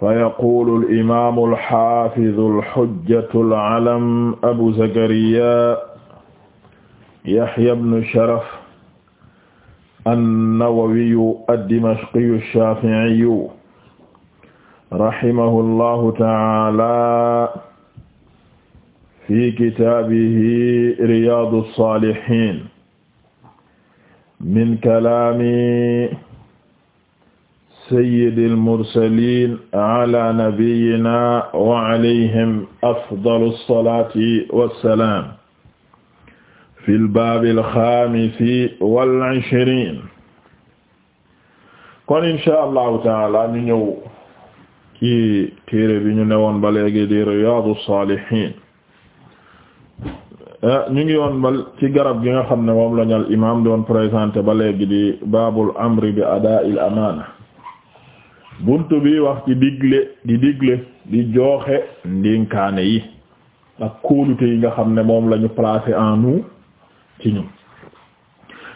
fa yaqulu alimaamu alxafidu alxujjatu alalam abu zakariya yaxya bnu sharaf annawawiyu addimashqiyu alshaaficiyu rahimahu allahu taala fi kitaabihi riyaadu alsaalihiin min kalaami sayyidil mursaliin ala nabiyyina wa alayhim afdalu salaati wa salaam. fil baabil xaamisi wal ishriin. kon incha allahu taala ñu ñëw ci téere bi ñu newoon ba léegi di riyaadu saalihiin. Eh, ñu ngi woon ba ci garab gi nga xam ne moom lañu al imaam doon présenté ba léegi di baabul amri bi adaa il amaana. bunt bi wax ci digle di digle di jooxe ndinkaane yi ak kóolute yi nga xam ne moom lañu placé en nous ci ñun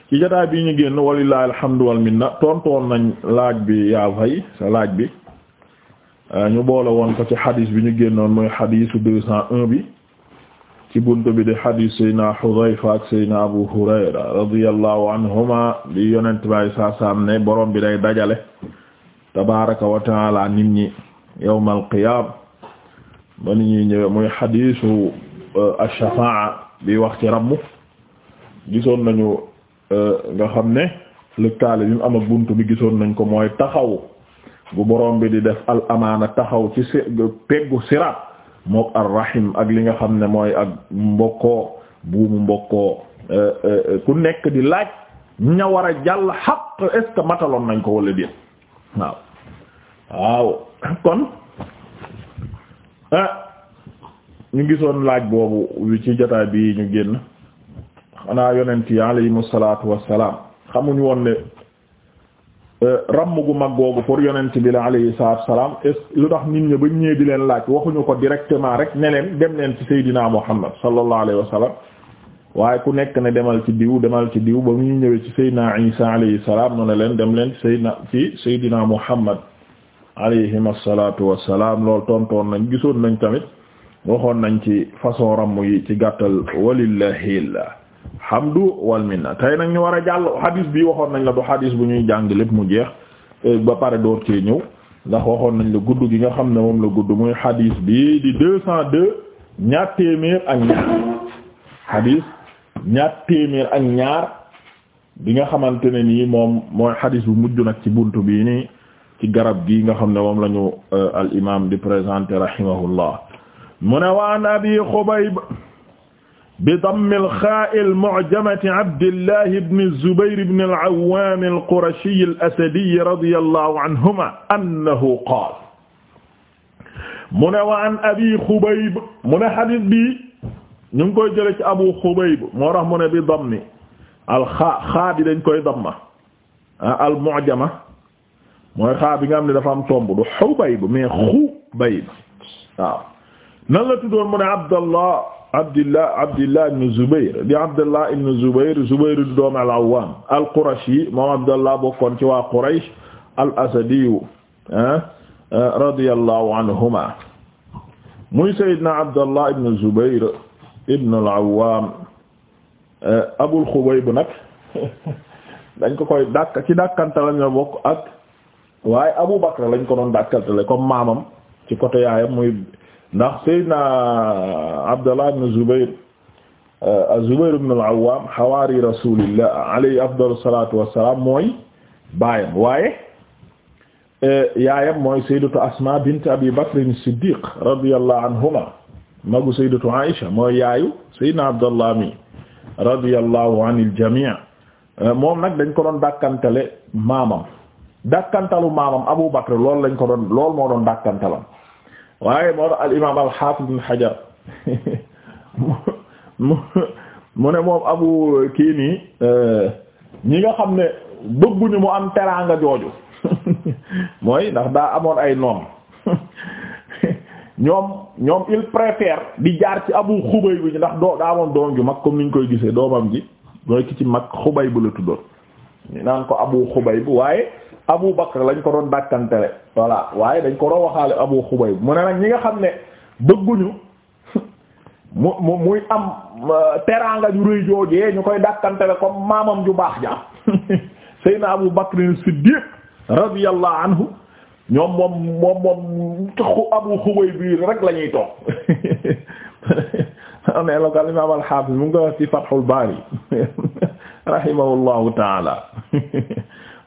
ci jotaay bi ñu génn walillahi alhamdu wal minna tontoon nañ laaj bi yaa fay sa laaj bi euh, ñu boole woon ko ci xadiis bi ñu génnoon muy xadiisu deux cent un bi ci bunt bi di xadiis sayna Xudayfa sayna Abu Hurayra radiyallahu anhuma di yonent baay saa saam ne borom bi day dajale tabaraka wa taala nit ñi yawmal qiyaam ba ni ñuy ñëwee muy xadiisu euh, ash-shafaa bi wax ci rabb gisoon nañu euh, nga xam ne lëkkaale bi mu am ak bunt bi gisoon nañ ko mooy taxaw bu borom bi di def al amaana taxaw ci peggu siraat mook ar ak li nga xam ne mooy ak mbokkoo buumu mbokkoo euh, ku nekk di laaj ña war a jàll xaq est mataloon nañ ko wala déet waaw waaw kon ah ñu gisoon laaj boobu wi ci jotaay bi ñu génn xanaa yonent yi alayhimu salaatu wassalaam xamuñ woon ne eh, ramm gu mag boobu pour yonent bi la alayhi salaatu wassalaam est lu tax nit ñi ba ñëwee di leen laaj waxuñu ko directement rek ne leen dem leen ci Seydina Muhammad sallallahu alayhi wasallam waaye ku nekk ne demal ci diw demal ci diw ba mu ñëwee ci Seydina Isa alayhi salaam noonu leen dem leen ci Seydina ci Seydina Muhammad alayhim assalatu wassalam lool tontoon nañ gisoon nañ tamit waxoon nañ ci façon ramm yi ci gàttal walillahil hamdu wal minna tey nag ñu war a jàll hadis bi waxoon nañ la du hadis bu ñuy jàng lépp mu jeex eh, ba pare door cee ñëw ndax waxoon nañ la gudd gi nga xam ne moom la gudd muy hadis bi di deux cent deux ñaar téeméer ak ñaar hadis ñaar téeméer ak ñaar bi nga xamante ne nii moom mooy hadis bu mujj nag ci bunt bii nii ci garab gi nga xam ne moom lañu euh, al imam di présenté rahimahullah mu ne waan abi xubayb bi damm alxaa almu'jamati abdillah ibn zubair ibn al-awwam al-qurashi al-asadi radiyallahu anhuma annahu qaala mu ne waan abi xubayb mu ne xadis bi ñu ngi koy jële ci abu xubayb moo tax mu ne bi dammi alxaa xaa bi dañ koy damma ah, al-mu'jama mooy xaa bi nga xam ne dafa am tomb du Xubayb mais Xubayb waaw nan la tuddoon mu ne Abdallah Abdillah Abdillah ibn Zubayr di al-Awwam al-Qurashi moom Abdallah bokkoon ci waa Quraysh al-Asadiyu ah, radiyallahu anhuma muy Sayyidina Abdallah ibn Zubayr ibn al-Awwam eh, Abul Xubayb nag dañ ko koy dàkk ci dàkkanta lañ la ak waaye Abu Bakr lañ ko doon dàkkaltale comme maamam ci côté yaayam muy ndax Seydina Abdallah ibn Zubayr euh, az-Zubayr ibn al-Awwam xawaari rasulillah alayhi afdalu salatu wassalam mooy baayam waaye euh, yaayam mooy sayyidatu Asma bint Abi Bakr as-Siddiq radiyallahu anhuma mooy yaayu Seydina mi radiyallahu anil jami' euh, moom nag dañ ko doon dàkkantale maamam dàkkantalu maamam Abu Bakr loolu lañ ko doon loolu moo doon dàkkantalam waaye moo doon al imaam al Haafiz ibn Hajar mu ne moom abu kii nii ñi nga xam ne bëgguñu mu am teraanga jooju mooy ndax daa amoon ay noom ñoom ñoom il préfère di jaar ci abu xubay bi ndax doo daa amoon doom ju mag comme niñ koy gisee doomam ji mooy ki ci mag xubay bu la tuddoon ñu naan ko abu xubay bu waaye Abu Bakr lañ ko doon dàkkantele voilà waaye dañ ko doon waxaale Abu Xubayb mu ne nag ñi nga xam ne dëgguñu mu mu muy am euh, teraanga ju rëy joojee ñu koy dàkkantele comme maamam ju baax ja Seydina Abu Bakr Siddiq radiyallahu anhu ñoom moom moom moom taxu Abu Xubayb bi rek la ñuy toog amee la ko al imaam al-Hafiz mu ngi ci Fathul Bari rahimahullahu ta'ala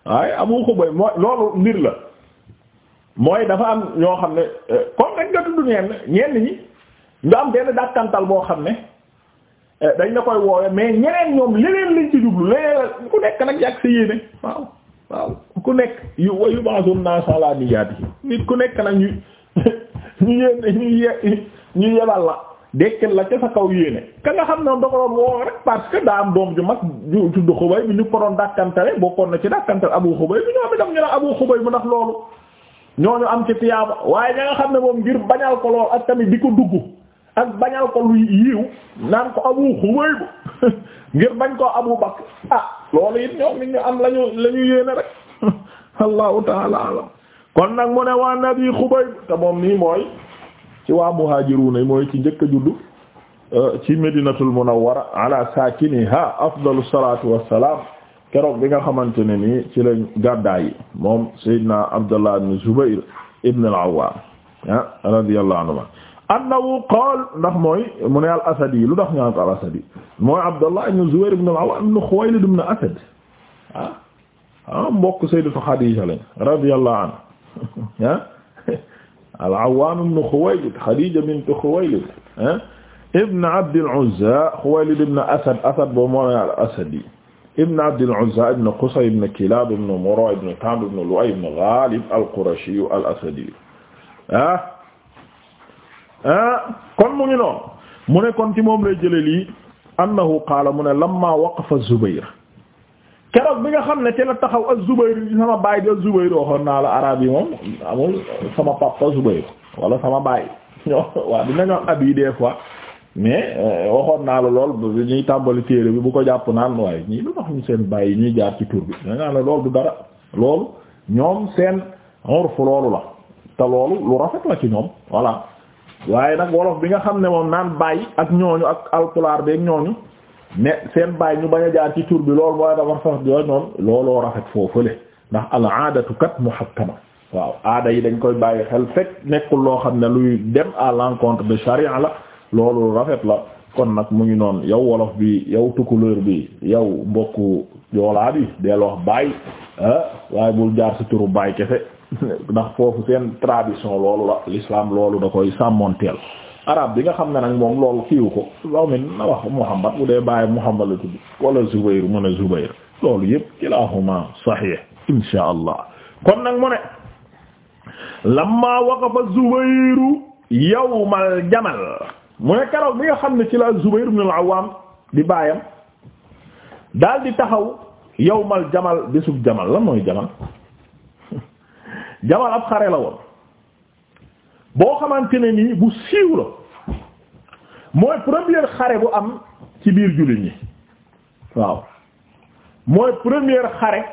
waaye amu xubay mooy loolu mbir la mooy dafa am ñoo xam ne euh, comme rek nga tudd ñenn ñenn ñi nga am benn dàkkantal boo xam ne euh, dañ la koy woowe mais ñeneen ñoom leneen lañ ci jublu leneen ku nekk nag ak sa yéene waaw waaw ku nekk yu wayu baasum naasalaaniyaat yi nit ku nekk nag ñu ñu yéen ñu yebal la dekkel la ca sa kaw yéene ka nga xam ne da ko doon woo rek parce que daa am doom ju mag ju tudd Xubay bi ñu ko doon dàkkantale bokkoon na ci dàkkantale Abu Xubay bi ñoo am itam ñu ne Abu Xubay bu ndax loolu ñooñu am ci waaye ña xam ne moom ngir bañal ko ak tamit di ko dugg ak bañal ko lu yiiw ko Abu Xubay bañ ko Abu Bakr ah loolu it ñoom nit ñu am lañu la ñu yéene rek allahu taala alam kon nag mu ne waa nabi Xubay te moom nii mooy ci waa muhajiruna yi mooy ci njëkk a juddu euh, ci medinatul munawwara ala sakiniha afdalu salatu wassalam keroog nga xamante ne nii ci lañ gàddaay moom sayyidina abdullah ibn zubayr ibn al-awwam ah radiyallahu anhuma annahu qaal ndax mooy mu ne al asad lu ndax ñaan ko al asad mooy abdullah ibn zubayr ibn al-awwam ibn khuwaylid asad ah ah mbokk sayyidatu khadija lañ radiyallahu anha ah al-Awwam ibn Khuwaylid Khadija bint Khuwaylid ibn Abd al-Uzza Khuwaylid ibn Asad Asad boobu moo al-Asadi ibn Abd al-Uzza ibn Qusay ibn Kilab ibn Murra ibn Ka'b ibn Lu'ay ibn Ghalib al-Qurashi al-Asadi ah ah kon mu ngi noonu mu ne kon ci moom lay jëlee lii annahu qaala mu ne lamma waqafa Zubayr keroog bi nga xam ne ci la taxaw az-Zubayr di sama baay di az-Zubayr waxoon naa la araab yi moom amul sama papa Zubayr wala sama baay ñoo waaw dina ñoo ab yi des fois mais euh, waxoon naa la lool bu ñuy tàmbali téere bu ko jàpp naan waaye ñii lu seen baay yi ñuy jaar ci tur bi da ngaa la loolu du dara loolu ñoom seen loolu la te loolu waaye nag wolof bi nga xam ne moom naan baay ak ñooñu ak alpulaar beeg ñooñu. ne seen baay ñu bañ a jaar ci tur bi loolu mooy dafa sax jooy noonu looloo rafet foofule ndax al aadatu kat muhakkama waaw aada yi dañ koy bàyyi xel fekk nekkul loo xam ne luy dem à l'encontre de charia la loolu rafet la kon nag mu ngi noonu yow wolof bi yow tukulóor bi yow mbokku joolaa bi deel wax baay ah, waaye bul jaar si turu baay kefe ndax foofu seen tradition loolu la l'islam loolu da koy sàmmonteel araab bi nga xam ne nag moom loolu kiiwu ko law mi na wax Muhammad bu dee bàyyi Muhammad la tudd wala Zubayr mu ne Zubayr loolu yëpp kilahuma sahih insha allah kon nag mu ne lamma waqafa Zubayru yawmal jamal mu ne keroog bi nga xam ne ci la Zubayr ibn al-Awwam di baayam daal di taxaw yawmal jamal bésub jamal lan mooy jamal jamal ab xare boo xamante ne nii bu siiw la mooy première xare bu am ci biir jullit ñi waaw mooy première xare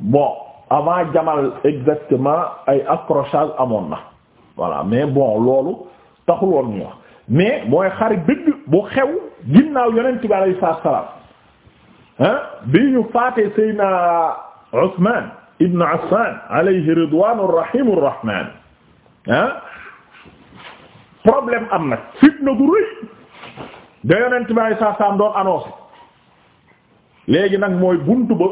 bon avant Jamal exactement ay accrochage amoon na voilà mais bon loolu taxul woon mais mooy xare dëgg bu xew ginnaaw yonent bi alayhi salaam ah bii ñu faatee Seydina Usman ibn Affan alayhi ridwaanur rahiimur rahmaan ah problème am na fitna gu rëy da yonent bi ay saa doon annoncé léegi nag mooy buntu ba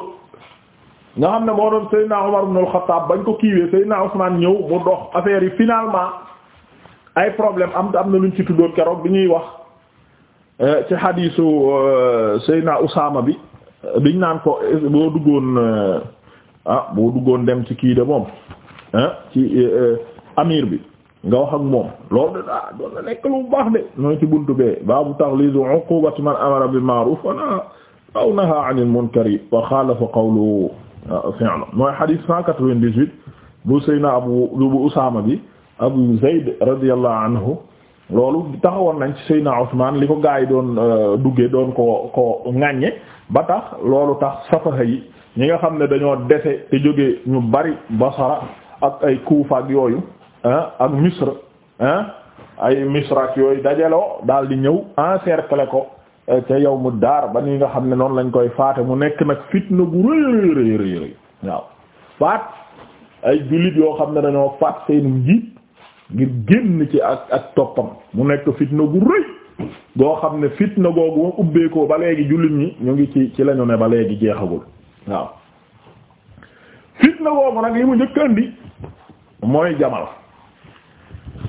nga xam ne moo doon Seydina Omar ibn al-Khattab bañ ko kiiwee Seydina Ousmane ñëw mu dox affaire yi finalement ay problème am am na luñ ci tuddoon keroog bi ñuy wax euh, ci xadiisu euh, Seydina Usaama bi euh, biñ naan ko boo duggoon ah boo duggoon dem ci kii de moom ah ci amir bi nga wax ak moom loolu de ah doon na nekk lu baax de ñooy ci buntu bee baabu taghlizu uqubati man amara bil ma'ruf wa naha aw naha 'anil munkari wa khalafa qawlu fi'lu mooy hadith 198 bu Seyna Abu bu Usaama bi Abu Zayd radiyallahu anhu loolu taxawoon nañ ci Seyna Usmaan li ko gaa yi doon euh, duggee doon ko ko ŋàññe ba tax loolu tax safaha yi ñi nga xam ne dañoo dese te jóge ñu bari Basra ak ay Kuufa yooyu Ah, ak misr ah, ay misr ak yooyu dajaloo daal di ñëw encercler ko eh, ca yawmu daar ba ni nga xam ne noonu lañ koy faate mu nekk nag fitna bu rëy rëy rëy waaw faat ay jullit yoo xam ne dañoo faat seen njiit ngir génn ci ak ak toppam mu nekk fitna bu rëy goo xam ne fitna googu ma ubbeekoo ba léegi jullit ñi ñu ngi ci ci lañu ne ba léegi jeexagul waaw fitna googu nag li mu njëkk andi mooy jamal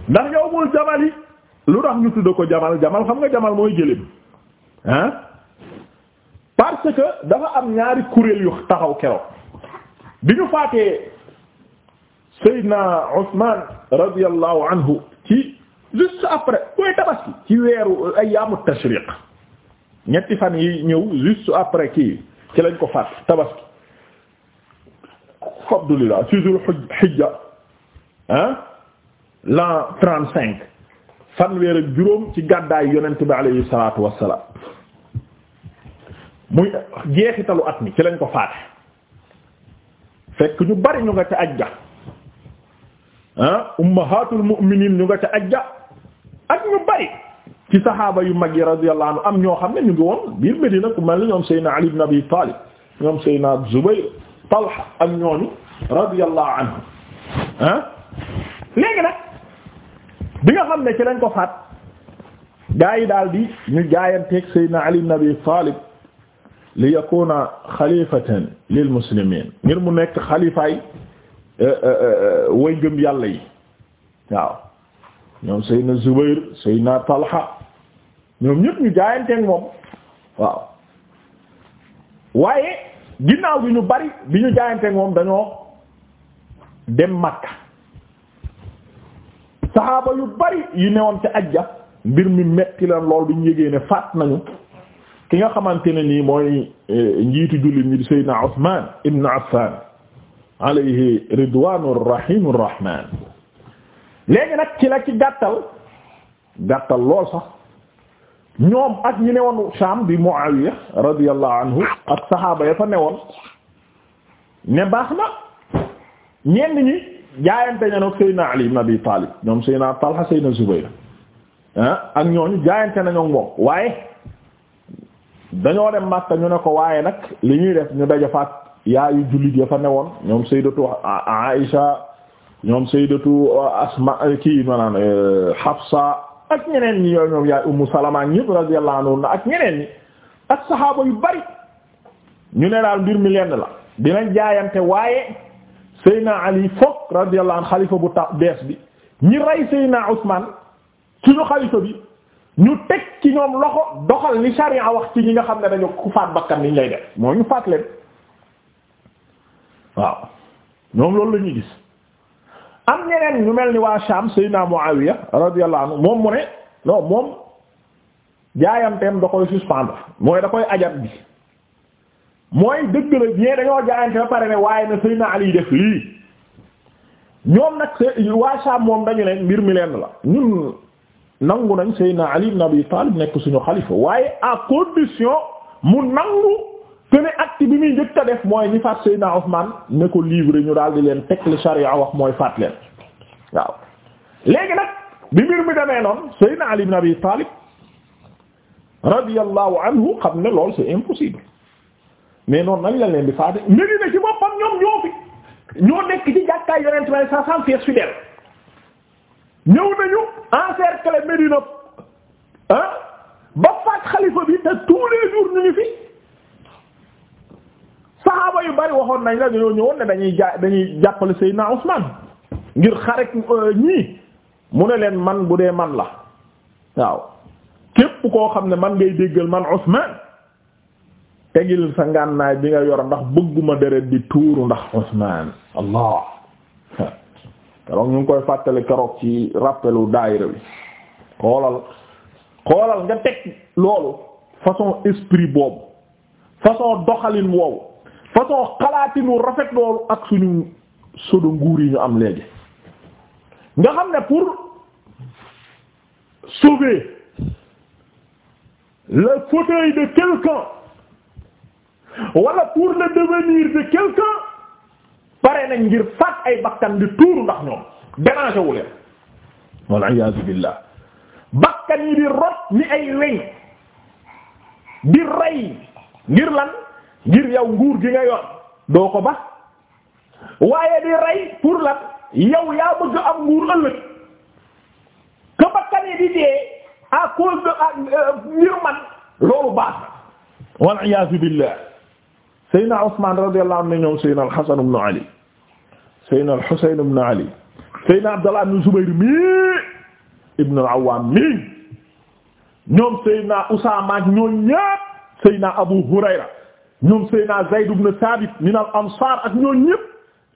ndax yawmul jamal yi lu tax ñu tudd ko jamal jamal xam nga jamal mooy jëlim ah parce que dafa am ñaari kuréel yu taxaw keroog bi ñu faatee Seydina Ousmane radiyallahu anhu ci juste après mooy tabaski ci weeru ayyaamu tashriq ñetti fan yi ñëw juste après kii ci lañ ko faat tabaski alhamdulillah ci Zul Hijja ah la trente cinq fanweer ak juróom ci gàddaay yonent bi alayhi salaatu wassalaam muy jeexitalu at mi ci lañ ko faate fekk ñu bari ñu nga ca ajja ah ummahatul mu'minin ñu nga ca ak ñu bari ci saxaaba yu mag yi radiyallahu anhu am ñoo xam ne ñu ngi woon ku mel ni ñoom Seydina Ali ibn Abi Talib ñoom Seydina Zubayr Talha ak ñooñu radiyallahu anhu ah léegi nag bi nga xam ne ci lañ ko faat gaa yi daal di ñu jaayanteeg Seydina Ali ibn Abi Talib li yakuna xalifatan lil muslimin ngir mu nekk xalifaay eh, eh, eh, way yàlla yi waaw ñoom Seydina Zubair Seydina Talha ñoom ñëpp ñu jaayanteeg moom waaw waaye ginnaaw bi ñu bari bi ñu jaayanteeg moom dañoo dem Makka saxaaba yu bari yi newoon ci ajja mbir mi metti la lool bi ñu yégee ne faat nañu ki nga xamante ne nii mooy eh, njiitu jullit ñi di Seydina Usmaan ibn Affaan alayhi ridwaanu rahimu rahmaan léegi nag ki la ci gàttal gàttal lool sax ñoom ak ñi newoon Shaam bi mu radiyallahu anhu ak saxaaba ya fa newoon ne baax na ñenn ñi jaayante na nag Seydina Ali ibn Abi Talib ñoom Seydina Talha Seydina Zubayr ah ak ñooñu jaayante nañu ak waaye dañoo dem Makka ñu ne ko waaye nag li ñuy def ñu dajafaat yaayu jullit ya fa newoon ñoom Sayyidatu Aisha ñoom Sayyidatu uh, Asma uh, kii maanaam uh, Hafsa ak ñeneen ñi yooyu ñoom yaay Ummu Salama ñëpp radiyallahu ak ñeneen ñi ak saxaaba yu bari ñu ne daal mbir mi lenn la dinañ jaayante waaye. Seyna Ali foog radiyallahu anhu xalifa bu ta bees bi ñi rey Seyna Ousmane suñu xalifa bi ñu teg ci ñoom loxo doxal li sharia wax ci ñi nga xam ne dañu ku faat bakkan liñ lay def moo ñu faat leen waaw ñoom loolu la ñuy gis am ñeneen ñu mel ni waa Sham Seyna Muawiya radiyallahu anhu moom mu ne non moom jaayanteem da koy suspendre mooy da koy ajab bi mooy dëgg la ñee dañoo jaayante ba pare ne waaye na Seydina Ali def lii ñoom nag moom dañu ne mbir mi lenn la ñun nangu nañ Seydina Ali ibn Abi Talib nekk suñu xalifa waaye à condition mu nangu que ne acte bi muy njëkk def mooy ñi faat Seydina Ousmane ne ko livre ñu daal di leen teg li charia wax mooy faat leen waaw léegi nag bi mbir mi demee noonu Seydina Ali ibn Abi Talib radiyallahu anhu xam ne loolu c'est impossible mais noonu nañ la leen di faate Medina ci boppam ñoom ñoo fi ñoo nekk ci jàkkaay yonent way sa san fies fidèle ñëw nañu encercler Medina ah ba faat xalifa bi te tous les jours ñu fi saxaaba yu bari waxoon nañ la dañoo ñëwoon ne dañuy ja dañuy jàppale Seydina Ousmane ngir xarek euh, ñii mu ne leen man bu dee man la waaw képp koo xam ne man ngay déggal man Ousmane tegil sa ngànnaay bi nga yor ndax bëgguma deret di tuuru ndax Usmaan allah keroog ñu ngi koy fàttali keroog ci rappelu daayira bi xoolal xoolal nga teg loolu façon esprit boobu façon doxalin woowu façon xalaatinu rafet loolu ak suñu sodo nguur yi ñu am léegi nga xam ne pour sauver le fauteuil de quelqu'un wala pour le devenir de quelqu'un pare nañ ngir faat ay bakkan di tuuru ndax ñoom déranger wu leen wal iyaazu bakkan yi di rot ni ay weñ di rey ngir lan ngir yow nguur gi nga yor doo ko ba waaye di rey pour lan yow yaa bëgg am nguur ëllëg que bakkan yi di dee à cause euh, ngir man loolu baax na wal iyaazu billah Seyna Usman radiyallahu anhu ñoom Seyna al-Hasan ibn Ali Seyna al-Husayn ibn Ali Seyna Abdallah ibn Zubayr mii ibn al-Awwam mii ñoom Seyna Usaama ak ñoom ñépp Seyna Abu Hurayra ñoom Seyna Zayd ibn Thabit min al-Ansar ak ñoom ñépp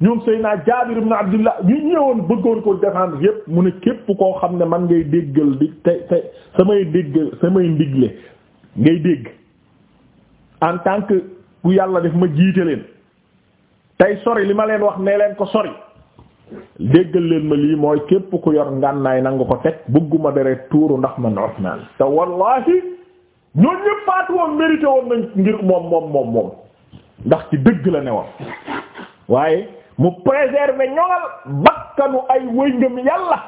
ñoom Seyna Jaabir ibn Abdullah ñu ñëwoon bëggoon ko défendre yépp mu ne képp koo xam ne man ngay déggal di te te samay déggal samay ndigle ngay dégg en tant que gu yàlla def ma jiite leen tey sori li ma leen wax nee leen ko sori déggal leen ma lii mooy képp ku yor ngànnaay nangu ko teg bëgguma deret tuuru ndax ma Usmaan te wallahi ñooñ ñëpp woon mérité woon nañ ngir moom moom moom moom ndax ci dëgg la ne woon waaye mu préserver ñoŋal bakkanu ay wëy ngëm yàlla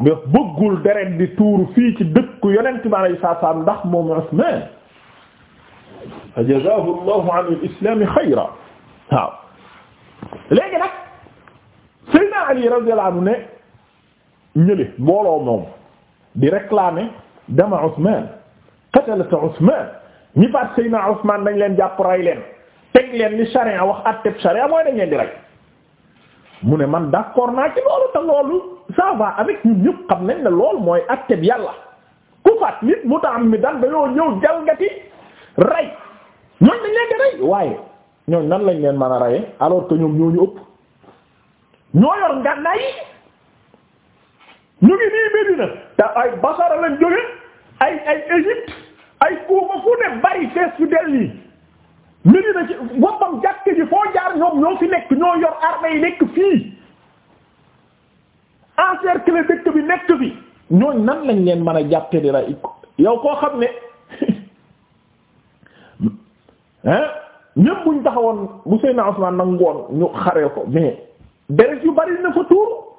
nga bëggul deret di tuuru fii ci dëkku yonent bi alayhi salaam ndax moom Usmaan fa jazaahu llahu an al-islaami xayra waaw Ali radiyallahu anhu ne ñële mbooloo moom di réclamer dama Usmaan qatalata Usmaan ñi faat Seydina Usmaan dañ leen jàpp rey leen teg leen li charia wax atteb charia mooy dañ leen di rey mu ne man d'accord naa ci loolu te loolu ça va avec ñun ñëpp nañ ne loolu mooy atteb yàlla ku faat nit mutaammidan dañoo ñëw jalgati rey ñooñ dañ leen di rey waaye ñooñ nan lañ leen man a reye alors que ñoom ñoo ñu ëpp ñoo yor ngànnaay yi ñu ngi nii Medina te ay Basara lañ jóge ay ay Égypte ay Kuufa fu ne bari fees yu del nii Medina ci boppam jàkk ji foo jaar ñoom ñoo fi nekk ñoo yor armée yi nekk fii encercler dëkk bi nekk bi ñooñ nan lañ leen mën a jàppe di rey yow koo xam ne ah ñëpp buñ taxawoon bu Seydina Usmaan nangoon ñu xaree ko mais deret yu bari na fa tuur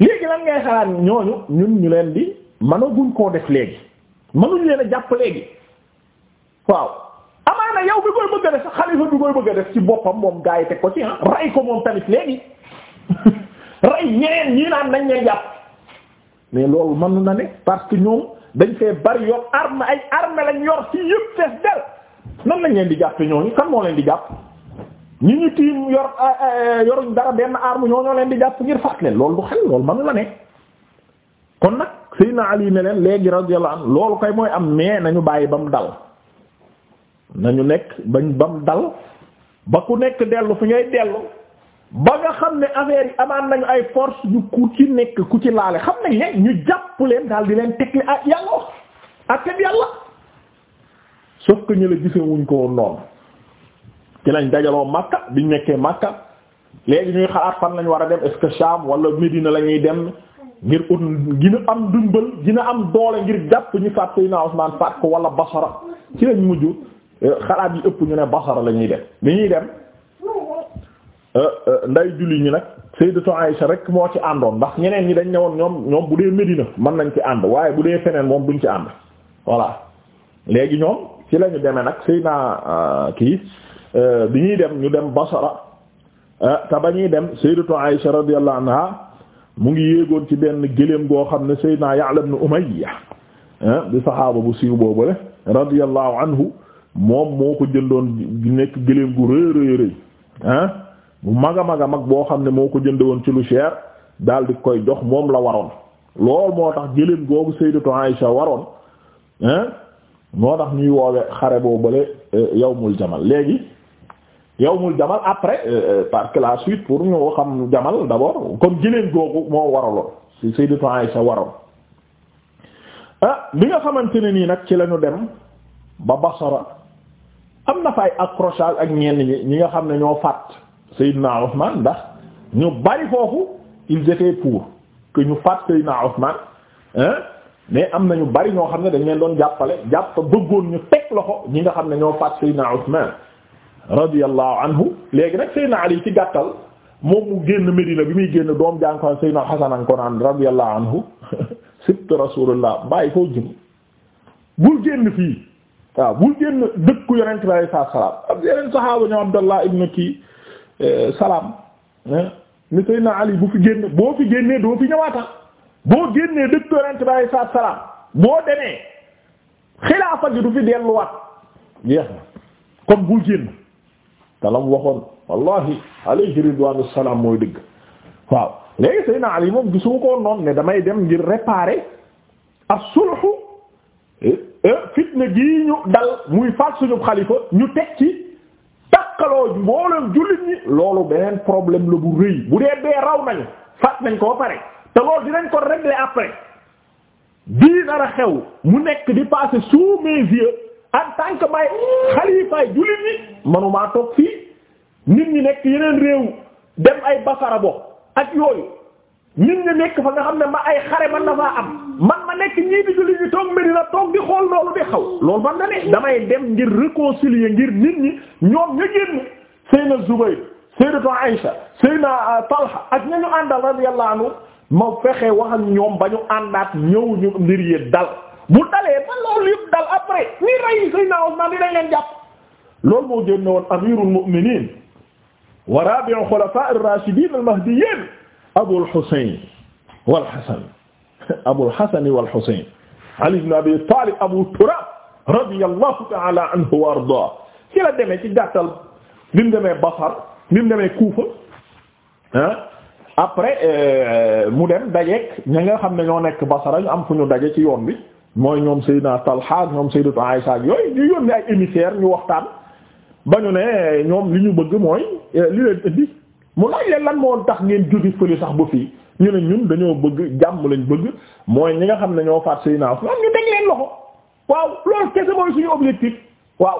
léegi lan ngay xalaat ñooñu ñun ñu leen di mënaguñ koo def léegi mënuñ leen a jàpp léegi waaw amaana yow bi koy bëgg a def xalifa bi koy bëgg a def ci boppam moom gaa yi teg ko ci ah rey ko moom tamit léegi rey ñeneen ñii naan nañ leen jàpp mais loolu mën na ne parce que ñoom dañ fee bari yor arme ay arme lañ yor ci yëpp fees del nan lañ leen di jàppe ñooñu kan moo leen di jàpp ñu ñu tiim yor yoruñ dara benn arme ñoo ñoo leen di jàpp ngir faat leen loolu du xel loolu manu la nekk kon nag Seydina Ali ne leen léegi radiyallahu anhu loolu koy mooy am mais nañu bàyyi ba mu dal nañu nekk bañ ba mu dal ba ku nekk dellu fi ngay dellu ba nga xam ne affaire amaan nañu ay force yu ku ci nekk ku ci laale xam nañ leen ñu jàpp leen daal di leen teg li ah yàlla wax ak yàlla sauf que ñu la gisee wuñ ko woon noonu ci lañ dajaloo Makka biñ nekkee màkka léegi ñuy xalaat fan lañ war a dem est-ce que Sham wala Médina la ñuy dem ngir ut gina am dumbal gina am doole ngir jàpp ñu faat Seydina Usman faat ko wala Basra ci lañ mujj euh, xalaat yi ëpp ñu ne Basra la ñuy dem li ñuy dem euh, euh, nday julli ñi nag Sayyidatu Aïsha rek moo ci àndoon ndax ñeneen ñi dañ ne woon ñoom ñoom bu dee Médina mën nañ ci ànd waaye bu dee feneen moom duñ ci ànd voilà léegi ci la ñu nag sëy naa euh, kii euh, bi ñuy dem ñu dem Basra euh, te ba ñuy dem sayyidatu Aisha radiyallahu anha mu ngi yéegoon ci benn gëléem goo xam ne sayyidina Ya'la ibn Umayya di saxaaba bu siiw boobule radiyallahu anhu moom moo ko jëndoon nekk gëléem gu rëy rëy bu mag a mag a mag boo xam ne moo ko woon ci lu cher daal di koy jox moom la waroon lool moo tax gëléem googu sayyidatu Aisha waroon moo tax ñuy woowe xare boo bële euh, yawmul jamal léegi yawmul jamal après euh, euh, parce que la suite pour ñu xam jamal d'abord kon jëleen googu moo waraloon ci Sayyidatu Aisha waroon ah bi nga xamante ne nii nag ci lañu dem ba Basra am na fa ay accrochage ak ñenn ñi ñi nga xam ne ñoo faat Sayyidna Ousmane ndax ñu bari foofu ils étaient pour que ñu faat Sayyidna Ousmane hein mais am na ñu bari ñoo xam ne dañ leen doon jàppale jàpp bëggoon ñu teg loxo ñi nga xam ne ñoo faat Seydina Usman radiyallahu anhu léegi nag Seydina Ali ci gàttal moom mu génn Medina bi muy génn doom jànkoon Seydina Hasan an Qur'an radiyallahu anhu sibt rasulullah bàyyi foo jëm bul génn fii waaw bul génn dëkku yonent bi alayhi salaam ak yeneen saxaaba ñoo Abdallah ibn ki eh, salaam eh, ni Seydina Ali bu fi génn boo fi génnee doo fi ñëwaata boo génnee dëkk yonent bi alayhi salaatu salaam boo demee xilaafa gi du fi delluwaat jeex na comme bul génn te la mu waxoon wallahi alayhi ridwaanu salaam mooy dëgg waaw léegi Seydina Ali moom gisuma ko noonu ne damay dem ngir réparer as-sulhu eh, eh, fitna gii ñu dal muy faat suñu xalifa ñu teg ci takkaloo mboolem jullit ñi loolu beneen problème la bu rëy bu dee bee raw nañu faat nañ ko ba pare te loolu dinañ ko régler après bii dara xew mu nekk di passer sous mes yeux en tant xalifaay jullit ñi manumaa toog fii nit ñi nekk yeneen réew dem ay basara bo ak yooyu nit ñi nekk fa nga xam ne ma ay xare man na am man ma nekk ñii di jullit ñi toog Medina toog di xool loolu di xaw loolu man na ne damay dem ngir réconcilier ngir nit ñi ñoom ñu génn Seyna Zubayr Sayyidatu Aïsha Seyna euh, Talha ak ñañu àndal radiyallahu anhu ma fexe wax ak ñoom ba ñu àndaat ñëw ñu mbir yi dal bu dalee ba loolu yëpp dal après ni rey Seydina Usman dinañ leen jàpp loolu moo génne woon amirul mu'minin wa rabi'u khulafa' ar-rashidin al-mahdiyyin Abul Husayn wal Hasan Abul Hasan wal Husayn Ali ibn Abi Talib Abu Turab radiyallahu ta'ala anhu wa ardaa ci la demee ci gàttal bi mu demee Basra bi mu demee Kufa ah après euh, euh, mu dem dajeek ña nga xam ne ñoo nekk Basra ñu am fu ñu daje ci yoon bi mooy ñoom Seydina Talha ñoom Sayyidatu Aisha yooyu ñu yónni ay émissaire ñu waxtaan ba ñu ne eh, ñoom li ñu bëgg mooy eh, li leen indi mu laaj lan moo tax ngeen jóge fële sax ba fii ñu ne ñun dañoo bëgg jàmm lañ bëgg mooy ñi nga xam ne ñoo faat Seydina Usman ñu teg leen loxo waaw loolu kese mooy suñu objectif waaw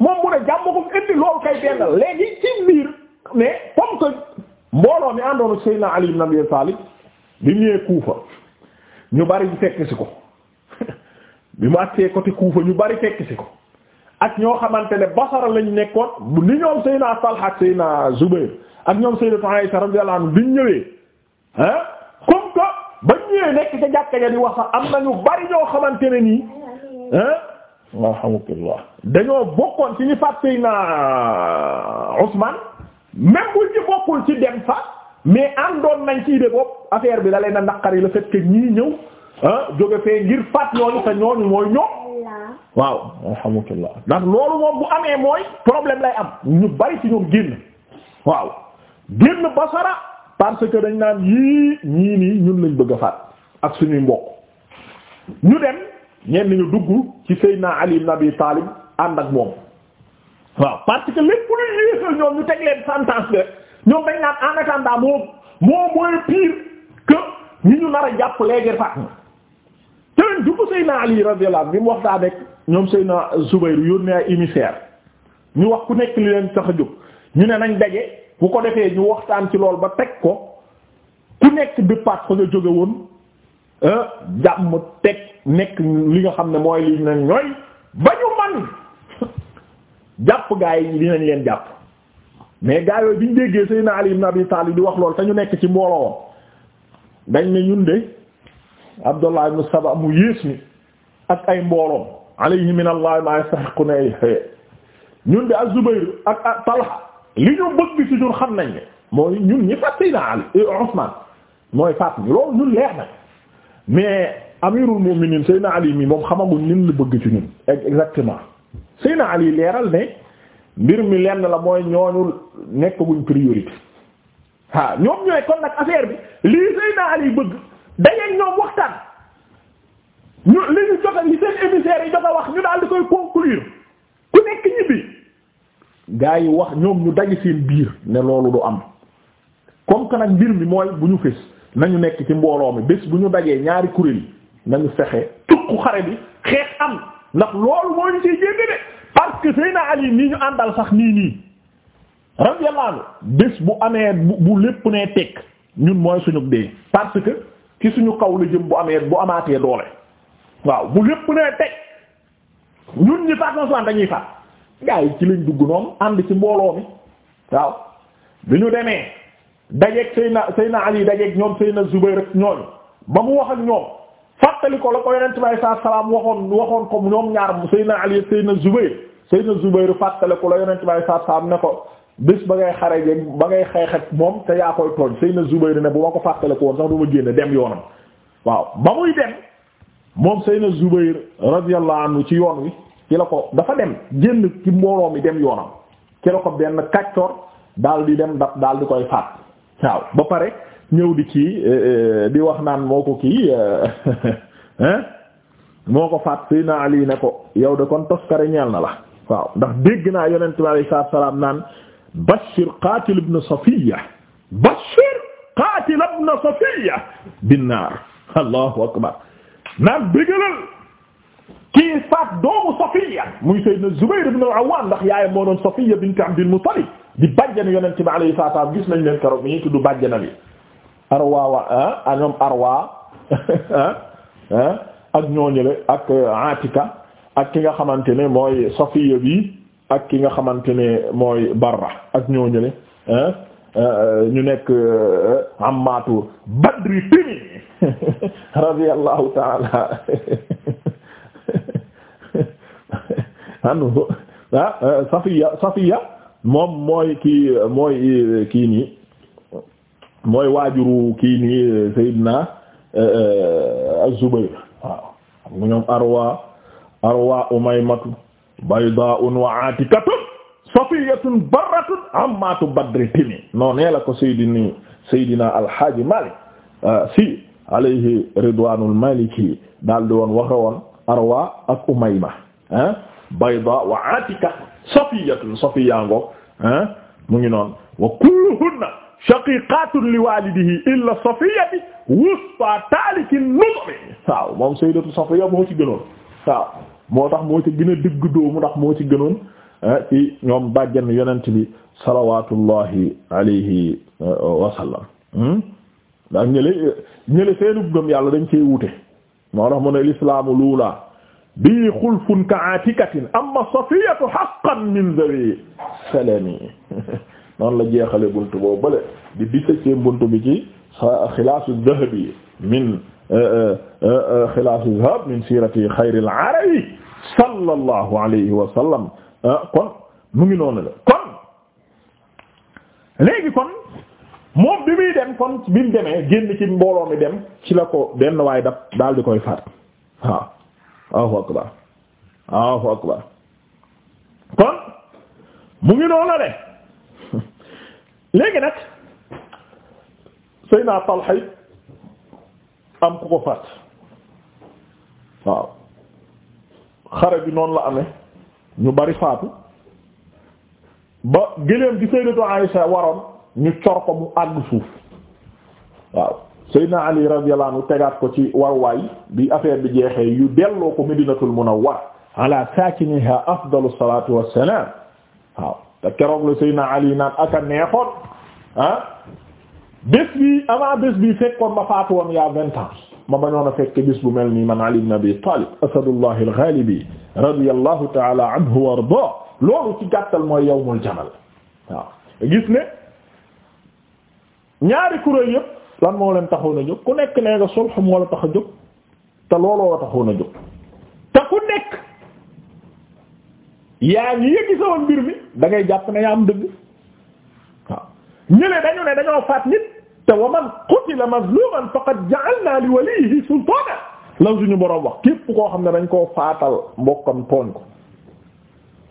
moom mu ne jàmm ko indi loolu kay dendal léegi ci biir mais comme que mbooloo mi àndoon ak Seydina Ali ibn Abi Talib bi mu ñëwee Kuufa ñu bari fekk si ko bi mu àttee côté Kuufa ñu bari fekk si ko ak ñoo xamante ne Basra lañ nekkoon bu ni ñoom Seydina Talha ak Seydina Zubayr ak ñoom Seydina Aisha radiyallahu anha biñ ñëwee ah wax sax am na ñu bari ñoo xamante ne nii ah alhamdulillah dañoo bokkoon ci ñu faat Seydina Usman même buñ ci bokkul ci dem fa mais àndoon nañ ci de bopp affaire bi la leen a naqari le fait que ñii ñëw a ah, jóge fee ngir faat ñooñu te ñooñu mooy ñoom waaw alhamdulillah ndax loolu moom bu amee mooy problème lay am ñu bari ci ñoom génn waaw génn basara parce que dañ naan yii ñii nii ñun lañ bëgg a ak suñuy mbokk ñu dem ñenn ñu dugg ci Seydina Ali ibn Abi Talib ànd ak moom waaw parce que lépp lu ñu teg leen sentence bi rek en attendant moom moom mooy ñu nar a jàpp léegi faat na te leen bi mu wax daa nekk ñoom Seydina Zubayr yónnee ay émissaire ñu wax ku nekk li leen tax a jóg ñu ne nañ daje bu ko defee ñu waxtaan ci lool ba teg ko ku nekk bi paat fa nga jóge woon ah, jàmm teg nekk li nga xam ne mooy li ñu ñooy ba ñu man jàpp gaa yi dinañ leen jàpp mais gaa yooyu biñ déggee Seydina Ali na Abi Talib di wax lool te ñu nekk ci mbooloo dañ ne ñun de Abdullah ibn Saba mu yées mi ak ay mbooloom alayhi min Allah ma yastahiquna ñun de az ak ak Talha li ñu bëgg ci ñun xam nañ ne mooy ñun ñi faat Seydina Ali eh, Usman mooy faat ñu loolu ñun leer na mais amirul mu'minin Seydina Ali mi moom xamaguñ nin la bëgg ci ñun exactement Seyna Ali leeral ne mbir mi lenn la mooy ñooñu nekk buñ priorité waaw ñoom ñooy kon nag affaire bi lii Seyna Ali bëgg dañuy ñoom waxtaan ñu li ñu jot li seen émissaires yi jot wax ñu daal di koy conclure ku nekk ñibbi gaa yi wax ñoom ñu daje seen biir ne loolu du am comme que nag mbir mi mooy bu ñu fës nañu nekk ci mbooloo mi bés bu ñu dajee ñaari kuréel yi nañu fexe tukku xare bi xeex am. ndax loolu moo ñu siy génne de parce que Seyna Ali nii ñu àndal sax nii nii radiyallahu anhu bés bu amee bu lépp ne tekk ñun mooy suñu dee parce que ki suñu kaw la jëm bu amee bu amaatee doole waaw bu lépp ne tekk ñun ñi faat na dañuy faat gaa yi ci lañ dugg noonu ànd ci mbooloo mi waaw bi ñu demee dajeeg Seyna Seyna Ali dajeeg ñoom Seyna Zubayr ak ñooñu ba mu wax ak ñoom. fàttali la ko yonent bi alayhi salaam waxoon waxoon ko ñoom ñaar Seydina Ali Seydina Zubayr Seydina Zubayr fàttali ko la yonent bi alayhi salaatu salaam ne ko bés ba ngay xare jeg ba ngay xeex ak moom te yaa koy tooñ Seydina Zubayr ne bu ma ko fàttali ko woon sax du ma génn dem yoonam waaw ba muy dem moom Seydina Zubayr radiyallahu anhu ci yoon wi ci la ko dafa dem génn ci mbooloo mi dem yoonam ci la ko benn kàccoor daal di dem daf daal di koy faat waaw ba pare ñëw di kii eh, eh, di wax naan moo ko kii eh, hein moo ko faat sëy na Ali yow de kon toskare ñeel na la waaw ndax dégg naa yonent bi alayhi salaatu wa salaam naan Bashir qatil ibn Safiya Bashir qatil ibn Safiya binnaar allahu akbar naan bëggalal doomu Safiya muy sayyidna Zubayr ibn al ndax yaayam moo doon Safiya bint Abdul Muttalib di bàjjan yonent bi alayhi salaatu wa salaam gis nañ leen keroog mi ñu tudd bàjjanam arwa wa ah, ah ñoom arwa ah. ak ñooñule ak euh, Atika ak ki nga xamante ne mooy Safiya bi ak ki nga xamante ne mooy Barra ak ñooñule euh, ñu nekk euh, ammaatu Badri tini radiyallahu ta'ala anhu Safiya Safiya moom mooy kii mooy kii nii mooy waajuru kii nii Seydina az-Zubayr waaw mu ñoom arwa arwa umaymatu bayda'un wa atikatun safiyatun barratun ammatu badri timi non nee la ko saydini saydina alhaaji Malik euh, si alayhi ridwanul maliki daal di woon waxe woon arwa ak umayma ah bayda wa atika safiyatun safiya ngo mu ngi noon wa kulluhunna shaqiqatun li walidihi illa safiyati wusta taaliki nudmi waaw moom sayyidatu safiya moo ci gënoon waaw moo tax moo ci gën a digg doomu ndax moo ci gënoon eh, ci ñoom bàjjan yonent bi salawatullahi alayhi eh, wasallam hmm? ndax ñële ñële seenub gëm yàlla dañ cee wute moo tax mu ne lislaamu luula bii xulfun ka atikatin amma safiyatu haqqan min zawi salami noonu la jeexale bunt boobu bële di dix-septième buntu bi ci xilaasu zahabi min xilaasu zahab euh, euh, euh, arabi sallallahu alayhi wa kon mu ngi noonu la kon léegi kon moom bi muy dem kon bi mu demee génn ci mbooloo mi dem ci la ko benn waay dab daal di koy faat waaw akbar Allahu akbar kon mu ngi noonu la léegi nag Seydina Talha am ku ko faat waaw xare bi noonu la amee ñu bari faatu ba gëléem di Sayyidatu Aisha waroon ñu cor ko mu àgg suuf waaw Seydina Ali radiyallahu anhu tegaat ko ci warwaay bi affaire bi jeexee yu delloo ko Madinatul Munawwara ala saakiniha afdalu salaatu wassalaam waaw te keroog la Seydina Ali naan aka neexoon ah bés bi avant bés bi fekkoon yaa vingt ma bañoon a fekk bu mel nii man Ali ibn Abi Talib asadullah al-ghalibi radiyallahu ta'ala anhu wa ardaa loolu ci gàttal mooy yawmul jamal waaw gis ne ñaari kuréel lan moo leen taxoon a ku nekk nee nga sulh moo la tax a jóg te looloo yaa ngi yëggi sama mbir mi da ngay jàpp ne yaa am dëgg waaw ñële dañu ne dañoo faat nit te wa man qutila mazluman faqad ja'alna li walihi lan suñu boroom wax képp koo xam ne dañ koo faatal mbokkam tooñ ko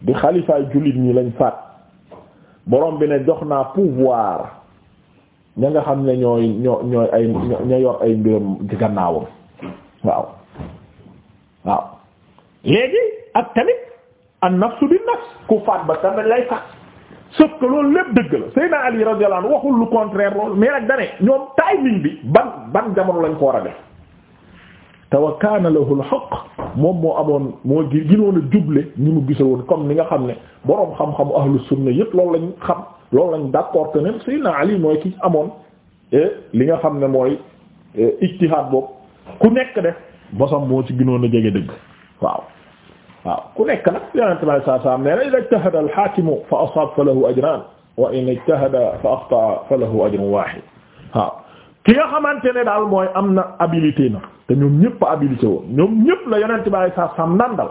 di xalifaay jullit ñi lañ faat boroom bi ne jox naa pouvoir ña nga xam ne ñooy ñoo ñooy ay ña yor ay mbiram gannaawam waaw waaw léegi ak tamit an nafsu bin nafs ku faat ba tamit lay faat sauf que loolu lépp dëgg la Seydina Ali radiyallahu anhu waxul lu contraire loolu mais nag dane ñoom timing bi ban ban jamono lañ ko war a def te wa kaana lahu al-haqq moom moo amoon moo ginoon a juble ni mu gise woon comme li nga xam ne boroom xam-xamu ahlu sunna yépp loolu lañ xam loolu lañ d'accord que ne Seydina Ali mooy ki amoon eh, li nga xam ne mooy eh, ijtihaad boobu ku nekk def bosam moo ci ginoon a jege dëgg waaw waaw ku nekk la yonente bi alei sat salaam nee na ida ijtahada alxaakimu fa asaab fa lahu ajran wa in ijtahada fa axta fa lahu ajrun wahid waaw ki nga xamante ne daal mooy am na habilité na te ñoom ñëpp a habilité woon ñoom ñëpp la yonente bi alei sat salaam nandal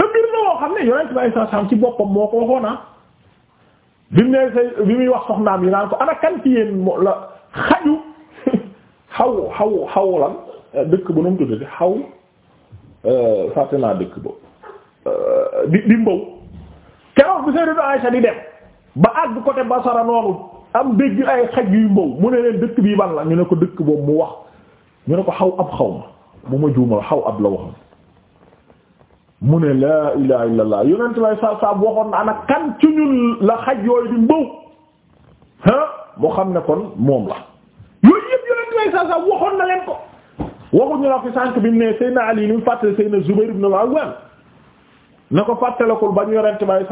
te mbir la xam ne yonente bi alei ci boppam moo ko waxoon ah bi mu ne say bi muy wax soxnaam yi naan ko ana kan ci yéen la xaju xaw xaw xaw lan dëkk bu nu mu tuddati xaw Euh, fàtte naa dëkk ba euh, di di mbaw keroog bi Sayyidatu Aisha di dem ba àgg côté Basara noonu am dégg ay xaj yuy mbaw mu ne leen dëkk bii ban la ñu ne ko dëkk boobu mu wax ñu ne ko xaw ab xaw ma bu ma juumal xaw ab la waxoon mu ne laa ilaha illa allah yonent lay sa sa waxoon na ana kan ci ñun la xaj yooyu di mbaw ah moo xam ne kon moom la yooyu yëpp yonent lay sa sa waxoon na leen ko waxuñu la fi sànq bi mu ne Seydina Ali ni mu fàttali Seydina Zubayr ibn al-Awwam na ko fàttalikul ba ñu yorente ba